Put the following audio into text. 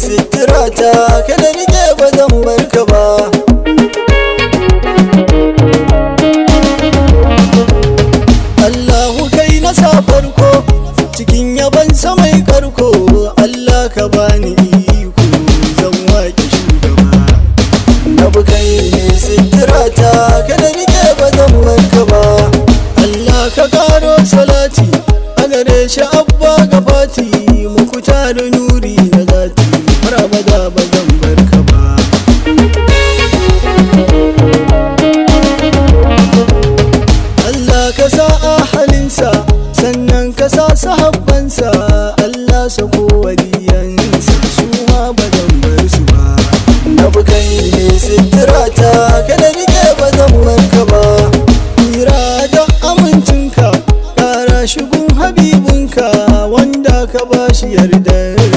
sitirata kada rike ba zan barka ba Allahu kai na sa farko cikin yaban mai karko Allah ka bani iko zan wake shugaba na bukai ne sitirata kada rike ba zan barka ba Allah ka karo salati a gare shi abba gabati da nuna. Allah sako waliyansa su ma ba zan bar su ba na bukan ne sitira ta kada rike ba zan barka ba ira da amincinka kara shigun habibinka wanda ka bashi yarda